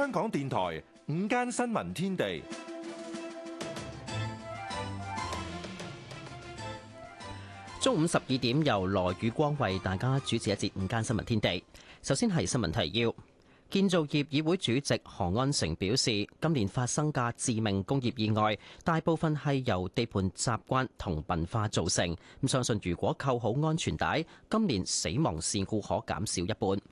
香港電台午間新聞天地，中午十二點由羅宇光為大家主持一節午間新聞天地。首先係新聞提要，建造業議會主席何安成表示，今年發生嘅致命工業意外，大部分係由地盤習慣同文化造成。咁相信如果扣好安全帶，今年死亡事故可減少一半。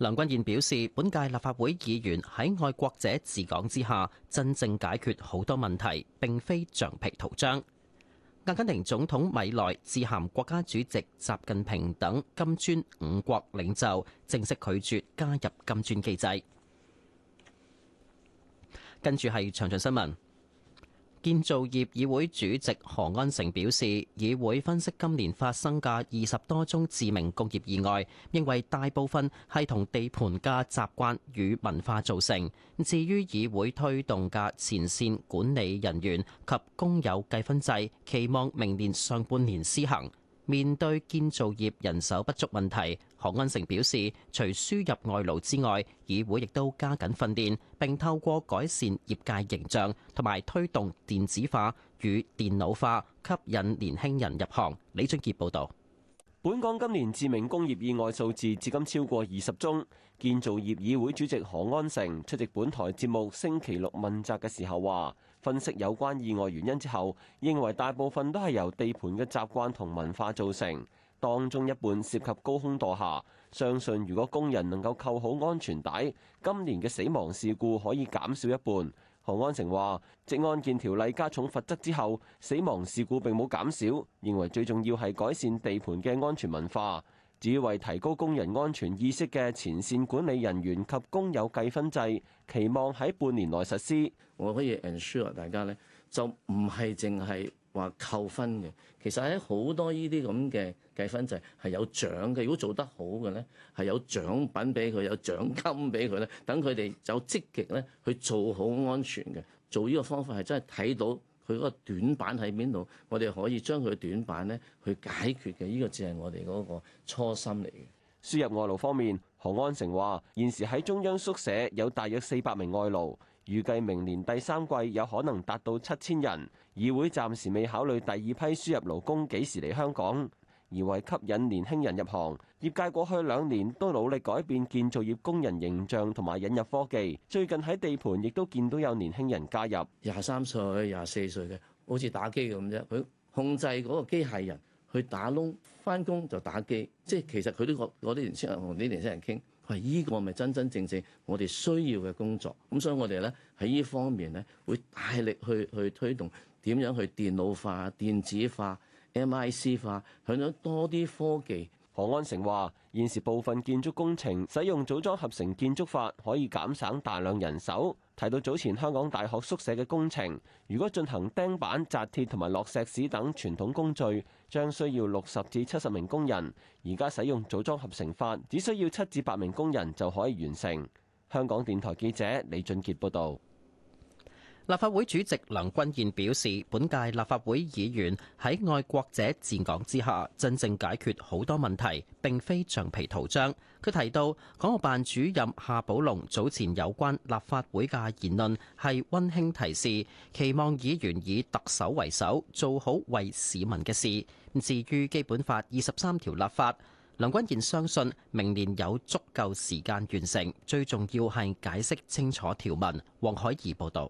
梁君彥表示，本屆立法會議員喺愛國者治港之下，真正解決好多問題，並非橡皮圖章。阿根廷總統米萊致函國家主席習近平等金磚五國領袖，正式拒絕加入金磚機制。跟住係詳盡新聞。建造業議會主席何安成表示，議會分析今年發生嘅二十多宗致命工業意外，認為大部分係同地盤嘅習慣與文化造成。至於議會推動嘅前線管理人員及工友計分制，期望明年上半年施行。面對建造業人手不足問題，何安成表示，除輸入外勞之外，議會亦都加緊訓練，並透過改善業界形象同埋推動電子化與電腦化，吸引年輕人入行。李俊傑報導。本港今年致命工業意外數字至今超過二十宗，建造業議會主席何安成出席本台節目星期六問責嘅時候話，分析有關意外原因之後，認為大部分都係由地盤嘅習慣同文化造成，當中一半涉及高空墮下。相信如果工人能夠扣好安全帶，今年嘅死亡事故可以減少一半。何安成話，職安健條例加重罰則之後，死亡事故並冇減少，認為最重要係改善地盤嘅安全文化。旨在提高工人安全意識嘅前線管理人員及工友計分制，期望喺半年內實施。我可以 ensure 大家咧，就唔係淨係話扣分嘅，其實喺好多呢啲咁嘅計分制係有獎嘅。如果做得好嘅咧，係有獎品俾佢，有獎金俾佢咧，等佢哋有積極咧去做好安全嘅。做呢個方法係真係睇到。佢嗰個短板喺邊度？我哋可以將佢短板咧去解決嘅，呢個只係我哋嗰個初心嚟嘅。輸入外勞方面，何安成話現時喺中央宿舍有大約四百名外勞，預計明年第三季有可能達到七千人。議會暫時未考慮第二批輸入勞工幾時嚟香港。而為吸引年輕人入行，業界過去兩年都努力改變建造業工人形象，同埋引入科技。最近喺地盤亦都見到有年輕人加入，廿三歲、廿四歲嘅，好似打機嘅咁啫。佢控制嗰個機械人去打窿，翻工就打機。即係其實佢呢個嗰啲年輕人同啲年輕人傾，話依個咪真真正正我哋需要嘅工作。咁所以我哋咧喺呢方面咧，會大力去去推動點樣去電腦化、電子化。M I C 化，向咗多啲科技。何安成話，現時部分建築工程使用組裝合成建築法，可以減省大量人手。提到早前香港大學宿舍嘅工程，如果進行釘板、紮鐵同埋落石屎等傳統工序，將需要六十至七十名工人。而家使用組裝合成法，只需要七至八名工人就可以完成。香港電台記者李俊杰報道。立法會主席梁君彥表示，本屆立法會議員喺愛國者治港之下，真正解決好多問題，並非橡皮圖章。佢提到，港澳辦主任夏寶龍早前有關立法會嘅言論係温馨提示，期望議員以特首為首做好為市民嘅事。至於基本法二十三條立法，梁君彥相信明年有足夠時間完成，最重要係解釋清楚條文。黃海怡報導。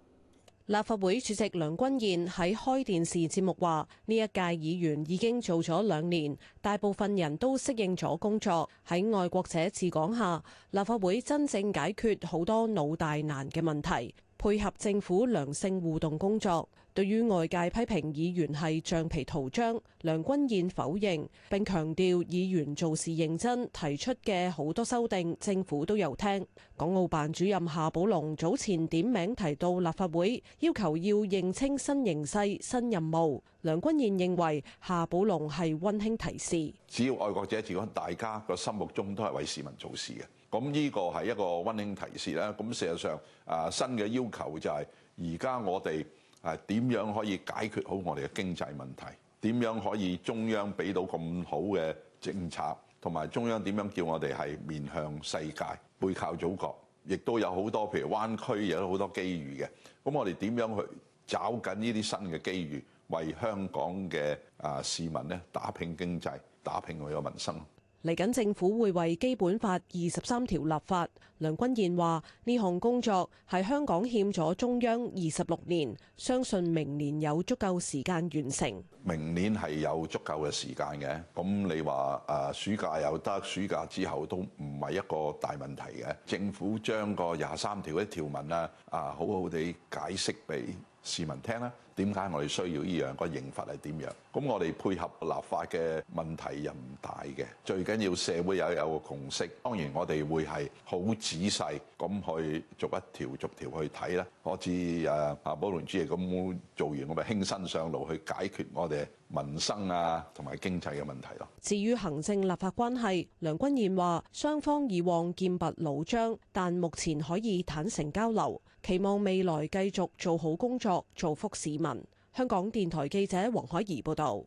立法會主席梁君彥喺開電視節目話：呢一屆議員已經做咗兩年，大部分人都適應咗工作。喺愛國者治港下，立法會真正解決好多老大難嘅問題，配合政府良性互動工作。對於外界批評議員係橡皮圖章，梁君彥否認，並強調議員做事認真，提出嘅好多修訂，政府都有聽。港澳辦主任夏寶龍早前點名提到立法會，要求要認清新形勢、新任務。梁君彥認為夏寶龍係温馨提示，只要愛國者，只要大家個心目中都係為市民做事嘅，咁呢個係一個温馨提示啦。咁事實上，啊新嘅要求就係而家我哋。誒點樣可以解決好我哋嘅經濟問題？點樣可以中央俾到咁好嘅政策？同埋中央點樣叫我哋係面向世界、背靠祖國？亦都有好多譬如灣區有好多機遇嘅。咁我哋點樣去找緊呢啲新嘅機遇，為香港嘅啊市民咧打拼經濟、打拼佢嘅民生？嚟緊政府會為《基本法》二十三條立法，梁君彥話：呢項工作喺香港欠咗中央二十六年，相信明年有足夠時間完成。明年係有足夠嘅時間嘅，咁你話誒暑假有得，暑假之後都唔係一個大問題嘅。政府將個廿三條嗰啲條文啊，啊好好地解釋俾市民聽啦。點解我哋需要呢樣？個刑罰係點樣？咁我哋配合立法嘅問題又唔大嘅。最緊要社會有有共識。當然我哋會係好仔細咁去逐一條逐條去睇啦。我知誒啊，保倫主嘅咁做完，我咪輕身上路去解決我哋民生啊同埋經濟嘅問題咯。至於行政立法關係，梁君彥話雙方以往劍拔弩張，但目前可以坦誠交流，期望未來繼續做好工作，造福市民。香港電台記者黃海怡報道，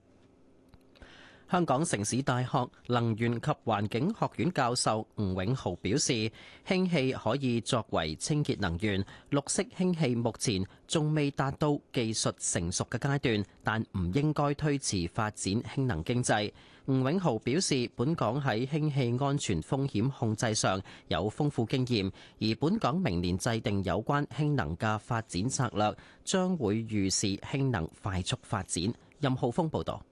香港城市大學能源及環境學院教授吳永豪表示，氫氣可以作為清潔能源，綠色氫氣目前仲未達到技術成熟嘅階段，但唔應該推遲發展氫能經濟。吳永豪表示，本港喺氫氣安全風險控制上有豐富經驗，而本港明年制定有關氫能嘅發展策略，將會預示氫能快速發展。任浩峰報道。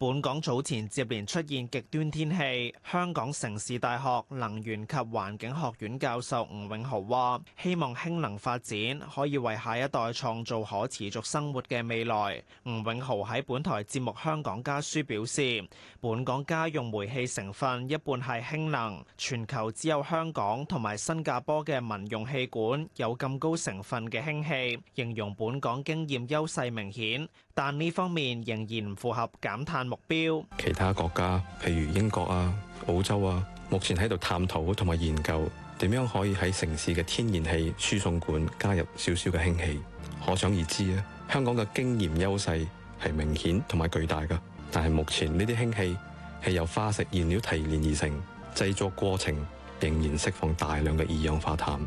本港早前接連出現極端天氣，香港城市大學能源及環境學院教授吳永豪話，希望氫能發展可以為下一代創造可持續生活嘅未來。吳永豪喺本台節目《香港家書》表示，本港家用煤氣成分一半係氫能，全球只有香港同埋新加坡嘅民用氣管有咁高成分嘅氫氣，形容本港經驗優勢明顯，但呢方面仍然唔符合減碳。目標，其他國家譬如英國啊、澳洲啊，目前喺度探討同埋研究點樣可以喺城市嘅天然氣輸送管加入少少嘅氫氣。可想而知啊，香港嘅經驗優勢係明顯同埋巨大㗎。但係目前呢啲氫氣係由化石燃料提煉而成，製作過程仍然釋放大量嘅二氧化碳。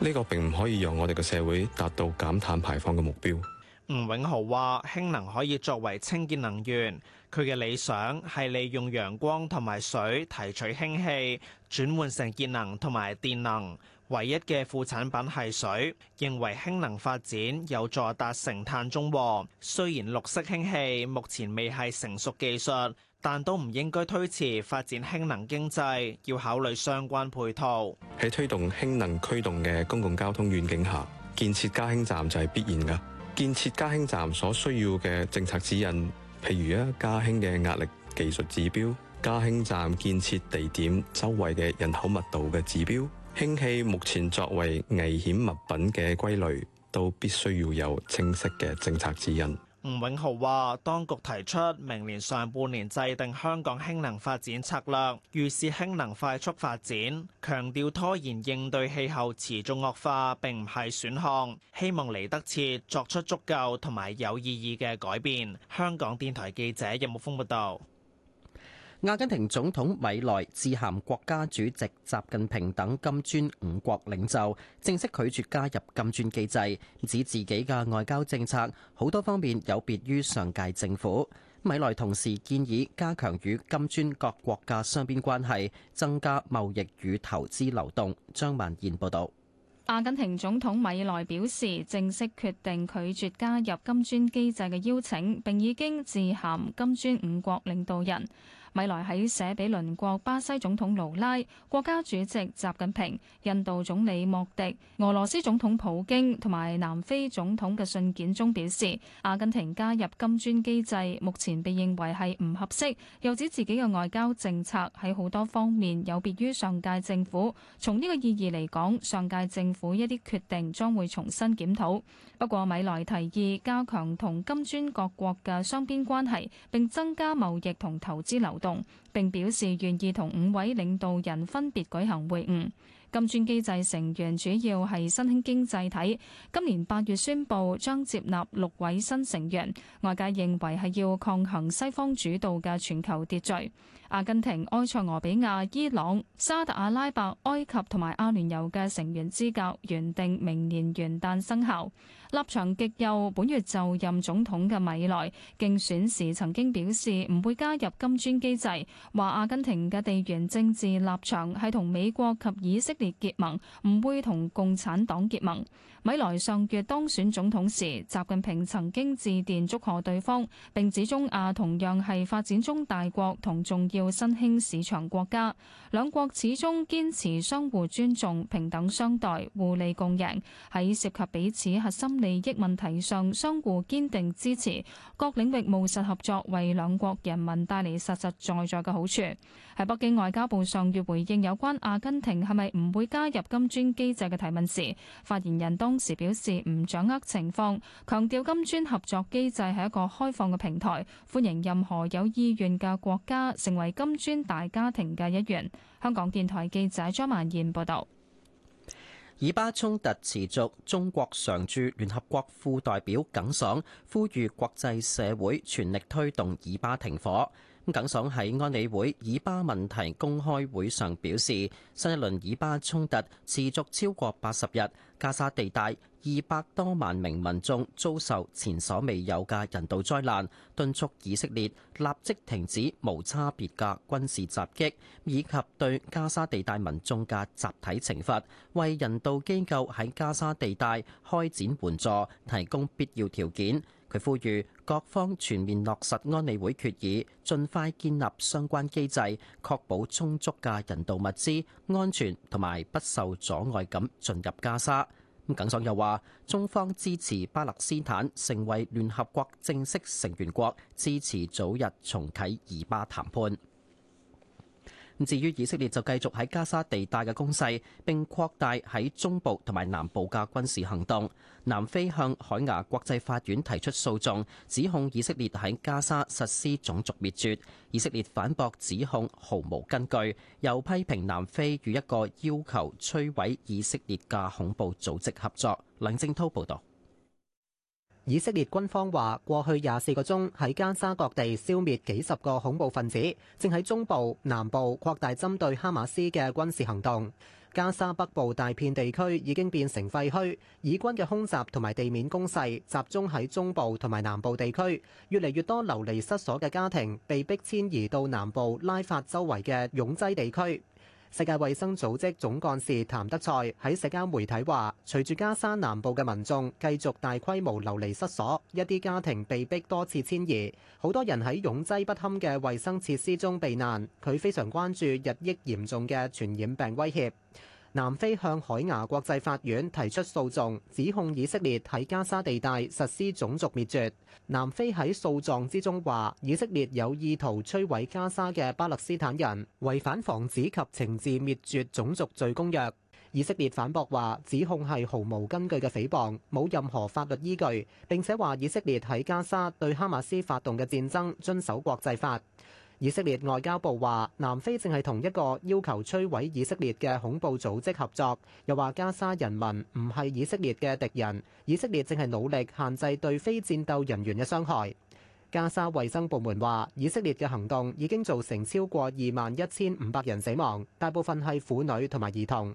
呢個並唔可以讓我哋嘅社會達到減碳排放嘅目標。吳永豪話：氫能可以作為清潔能源，佢嘅理想係利用陽光同埋水提取氫氣，轉換成熱能同埋電能。唯一嘅副產品係水，認為氫能發展有助達成碳中和。雖然綠色氫氣目前未係成熟技術，但都唔應該推遲發展氫能經濟。要考慮相關配套。喺推動氫能驅動嘅公共交通願景下，建設加氫站就係必然㗎。建設加氫站所需要嘅政策指引，譬如咧加氫嘅壓力技術指標、加氫站建設地點周圍嘅人口密度嘅指標、氫氣目前作為危險物品嘅歸類，都必須要有清晰嘅政策指引。吳永豪話：當局提出明年上半年制定香港氫能發展策略，預示氫能快速發展。強調拖延應對氣候持續惡化，並唔係選項。希望嚟得切作出足夠同埋有意義嘅改變。香港電台記者任木鋒報道。阿根廷總統米萊致函國家主席習近平等金磚五國領袖，正式拒絕加入金磚機制，指自己嘅外交政策好多方面有別於上屆政府。米萊同時建議加強與金磚各國嘅雙邊關係，增加貿易與投資流動。張曼燕報導。阿根廷總統米萊表示，正式決定拒絕加入金磚機制嘅邀請，並已經致函金磚五國領導人。米萊喺寫俾鄰國巴西總統盧拉、國家主席習近平、印度總理莫迪、俄羅斯總統普京同埋南非總統嘅信件中表示，阿根廷加入金磚機制目前被認為係唔合適，又指自己嘅外交政策喺好多方面有別於上屆政府。從呢個意義嚟講，上屆政府一啲決定將會重新檢討。不過，米萊提議加強同金磚各國嘅雙邊關係，並增加貿易同投資流。並表示願意同五位領導人分別舉行會晤。金磚機制成員主要係新興經濟體，今年八月宣布將接納六位新成員，外界認為係要抗衡西方主導嘅全球秩序。阿根廷、埃塞俄比亞、伊朗、沙特阿拉伯、埃及同埋阿聯酋嘅成員資格原定明年元旦生效。立場極右，本月就任總統嘅米萊競選時曾經表示唔會加入金磚機制，話阿根廷嘅地緣政治立場係同美國及以色列結盟，唔會同共產黨結盟。米萊上月當選總統時，習近平曾經致電祝賀對方，並指中阿同樣係發展中大國同重要新興市場國家，兩國始終堅持相互尊重、平等相待、互利共贏，喺涉及彼此核心利益問題上相互堅定支持，各領域務實合作，為兩國人民帶嚟實實在在嘅好處。喺北京外交部上月回應有關阿根廷係咪唔會加入金磚機制嘅提問時，發言人當時表示唔掌握情況，強調金磚合作機制係一個開放嘅平台，歡迎任何有意願嘅國家成為金磚大家庭嘅一員。香港電台記者張曼燕報道。以巴衝突持續，中國常駐聯合國副代表耿爽呼籲國際社會全力推動以巴停火。咁耿爽喺安理會以巴問題公開會上表示，新一輪以巴衝突持續超過八十日，加沙地帶二百多萬名民眾遭受前所未有嘅人道災難，敦促以色列立即停止無差別嘅軍事襲擊，以及對加沙地帶民眾嘅集體懲罰，為人道機構喺加沙地帶開展援助提供必要條件。佢呼籲各方全面落實安理會決議，盡快建立相關機制，確保充足嘅人道物資安全同埋不受阻礙咁進入加沙。咁耿爽又話：中方支持巴勒斯坦成為聯合國正式成員國，支持早日重啟以巴談判。至於以色列就繼續喺加沙地帶嘅攻勢，並擴大喺中部同埋南部嘅軍事行動。南非向海牙國際法院提出訴訟，指控以色列喺加沙實施種族滅絕。以色列反駁指控毫無根據，又批評南非與一個要求摧毀以色列嘅恐怖組織合作。林正滔報導。以色列軍方話，過去廿四個鐘喺加沙各地消滅幾十個恐怖分子，正喺中部、南部擴大針對哈馬斯嘅軍事行動。加沙北部大片地區已經變成廢墟，以軍嘅空襲同埋地面攻勢集中喺中部同埋南部地區，越嚟越多流離失所嘅家庭被迫遷移到南部拉法周圍嘅擁擠地區。世界衛生組織總幹事譚德塞喺社交媒體話：隨住加沙南部嘅民眾繼續大規模流離失所，一啲家庭被迫多次遷移，好多人喺擁擠不堪嘅衛生設施中避難。佢非常關注日益嚴重嘅傳染病威脅。南非向海牙國際法院提出訴訟，指控以色列喺加沙地帶實施種族滅絕。南非喺訴訟之中話，以色列有意圖摧毀加沙嘅巴勒斯坦人，違反防止及懲治滅絕種族罪公約。以色列反駁話，指控係毫無根據嘅誹謗，冇任何法律依據。並且話，以色列喺加沙對哈馬斯發動嘅戰爭遵守國際法。以色列外交部話南非正係同一個要求摧毀以色列嘅恐怖組織合作，又話加沙人民唔係以色列嘅敵人，以色列正係努力限制對非戰鬥人員嘅傷害。加沙衛生部門話以色列嘅行動已經造成超過二萬一千五百人死亡，大部分係婦女同埋兒童。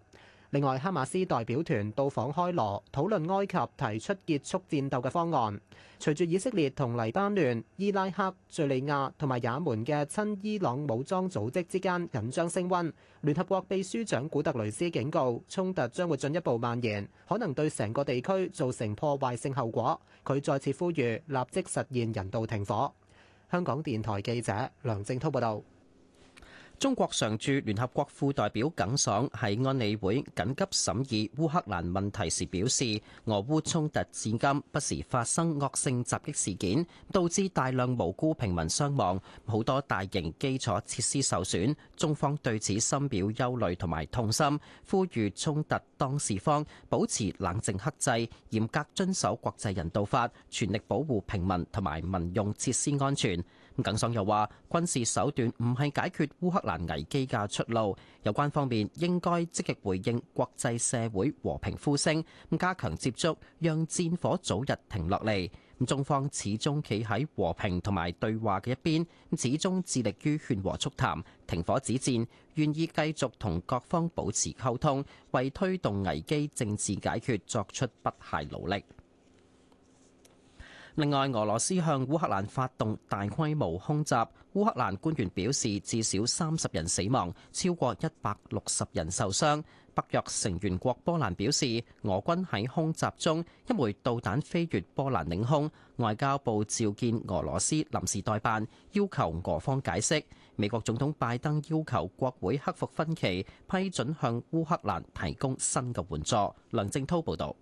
另外，哈馬斯代表團到訪開羅，討論埃及提出結束戰鬥嘅方案。隨住以色列同黎巴嫩、伊拉克、敘利亞同埋也門嘅親伊朗武裝組織之間緊張升溫，聯合國秘書長古特雷斯警告，衝突將會進一步蔓延，可能對成個地區造成破壞性後果。佢再次呼籲立即實現人道停火。香港電台記者梁正滔報道。中國常駐聯合國副代表耿爽喺安理會緊急審議烏克蘭問題時表示，俄烏衝突至今不時發生惡性襲擊事件，導致大量無辜平民傷亡，好多大型基礎設施受損。中方對此深表憂慮同埋痛心，呼籲衝突當事方保持冷靜克制，嚴格遵守國際人道法，全力保護平民同埋民用設施安全。咁耿爽又話，軍事手段唔係解決烏克蘭難危機嘅出路，有關方面應該積極回應國際社會和平呼聲，加強接觸，讓戰火早日停落嚟。中方始終企喺和平同埋對話嘅一邊，始終致力於勸和促談、停火止戰，願意繼續同各方保持溝通，為推動危機政治解決作出不懈努力。另外，俄羅斯向烏克蘭發動大規模空襲。烏克蘭官員表示，至少三十人死亡，超過一百六十人受傷。北約成員國波蘭表示，俄軍喺空襲中一枚導彈飛越波蘭領空。外交部召見俄羅斯臨時代辦，要求俄方解釋。美國總統拜登要求國會克服分歧，批准向烏克蘭提供新嘅援助。梁正濤報道。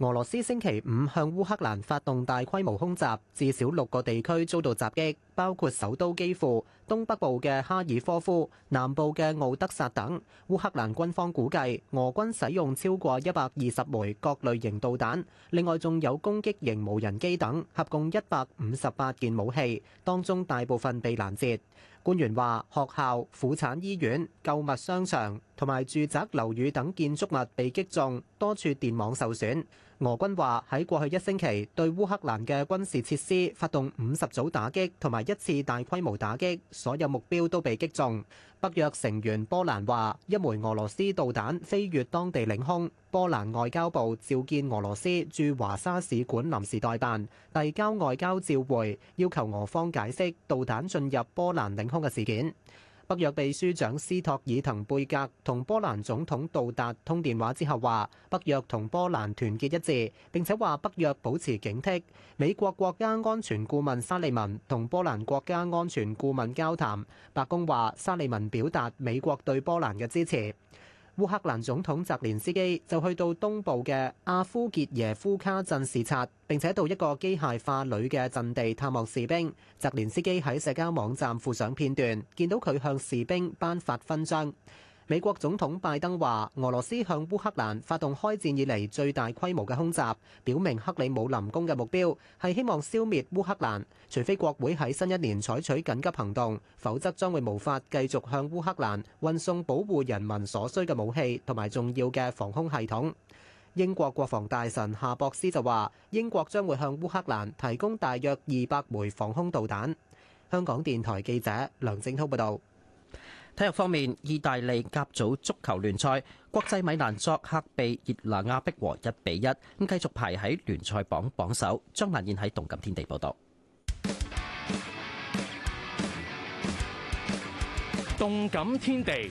俄羅斯星期五向烏克蘭發動大規模空襲，至少六個地區遭到襲擊，包括首都基輔、東北部嘅哈爾科夫、南部嘅敖德薩等。烏克蘭軍方估計，俄軍使用超過一百二十枚各類型導彈，另外仲有攻擊型無人機等，合共一百五十八件武器，當中大部分被攔截。官員話，學校、婦產醫院、購物商場同埋住宅樓宇等建築物被擊中，多處電網受損。俄軍話喺過去一星期對烏克蘭嘅軍事設施發動五十組打擊同埋一次大規模打擊，所有目標都被擊中。北約成員波蘭話，一枚俄羅斯導彈飛越當地領空，波蘭外交部召見俄羅斯駐華沙使館臨時代辦，遞交外交照會，要求俄方解釋導彈進入波蘭領空嘅事件。北約秘書長斯托爾滕貝格同波蘭總統杜達通電話之後話，北約同波蘭團結一致，並且話北約保持警惕。美國國家安全顧問沙利文同波蘭國家安全顧問交談，白宮話沙利文表達美國對波蘭嘅支持。烏克蘭總統澤連斯基就去到東部嘅阿夫傑耶夫卡鎮視察，並且到一個機械化旅嘅陣地探望士兵。澤連斯基喺社交網站附上片段，見到佢向士兵頒發勳章。美國總統拜登話：俄羅斯向烏克蘭發動開戰以嚟最大規模嘅空襲，表明克里姆林宮嘅目標係希望消滅烏克蘭。除非國會喺新一年採取緊急行動，否則將會無法繼續向烏克蘭運送保護人民所需嘅武器同埋重要嘅防空系統。英國國防大臣夏博斯就話：英國將會向烏克蘭提供大約二百枚防空導彈。香港電台記者梁正濤報道。體育方面，意大利甲組足球聯賽，國際米蘭作客被熱那亞逼和一比一，咁繼續排喺聯賽榜榜首。張文燕喺動感天地報道。動感天地。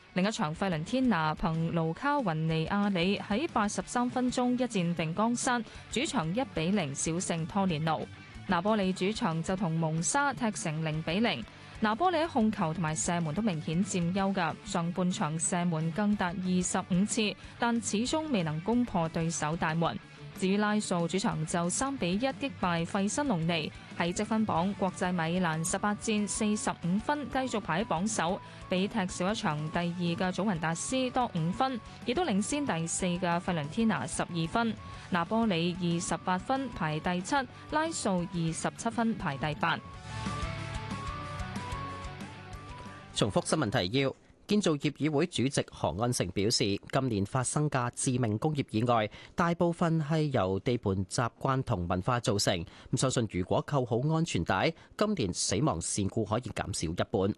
另一場費倫天拿憑盧卡雲尼亞里喺八十三分鐘一戰定江山，主場一比零小勝拖連奴。拿波利主場就同蒙沙踢成零比零。拿波利控球同埋射門都明顯佔優嘅，上半場射門更達二十五次，但始終未能攻破對手大門。至於拉素主場就三比一擊敗費辛隆尼，喺積分榜國際米蘭十八戰四十五分，繼續排喺榜首，比踢少一場第二嘅祖雲達斯多五分，亦都領先第四嘅費倫天拿十二分。拿波里二十八分排第七，拉素二十七分排第八。重複新聞提要。建造業議會主席何安成表示，今年發生嘅致命工業意外，大部分係由地盤習慣同文化造成。咁相信，如果扣好安全帶，今年死亡事故可以減少一半。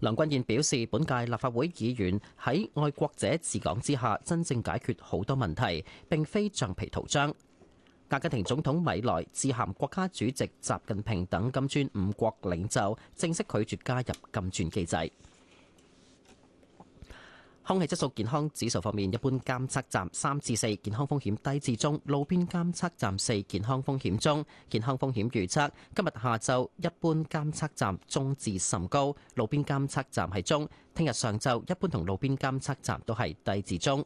梁君彥表示，本屆立法會議員喺愛國者治港之下，真正解決好多問題，並非橡皮圖章。阿根廷總統米萊致函國家主席習近平等金磚五國領袖，正式拒絕加入金磚機制。空氣質素健康指數方面，一般監測站三至四，健康風險低至中；路邊監測站四，健康風險中。健康風險預測今日下晝，一般監測站中至甚高，路邊監測站係中。聽日上晝一般同路邊監測站都係低至中。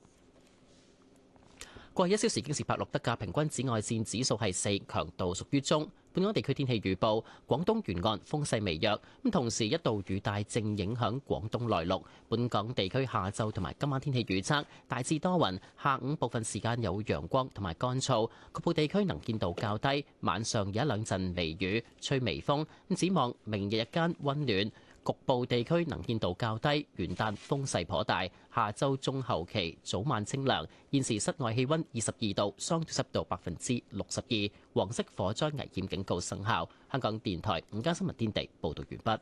過去一小時經攝氏八六得，得噶，平均紫外線指數係四，強度屬於中。本港地區天氣預報，廣東沿岸風勢微弱，咁同時一道雨帶正影響廣東內陸，本港地區下晝同埋今晚天氣預測大致多雲，下午部分時間有陽光同埋乾燥，局部地區能見度較低，晚上有一兩陣微雨，吹微風，咁展望明日日間温暖。局部地區能見度較低，元旦風勢頗大。下周中後期早晚清涼，現時室外氣温二十二度，相對濕度百分之六十二，黃色火災危險警告生效。香港電台午間新聞天地報導完畢。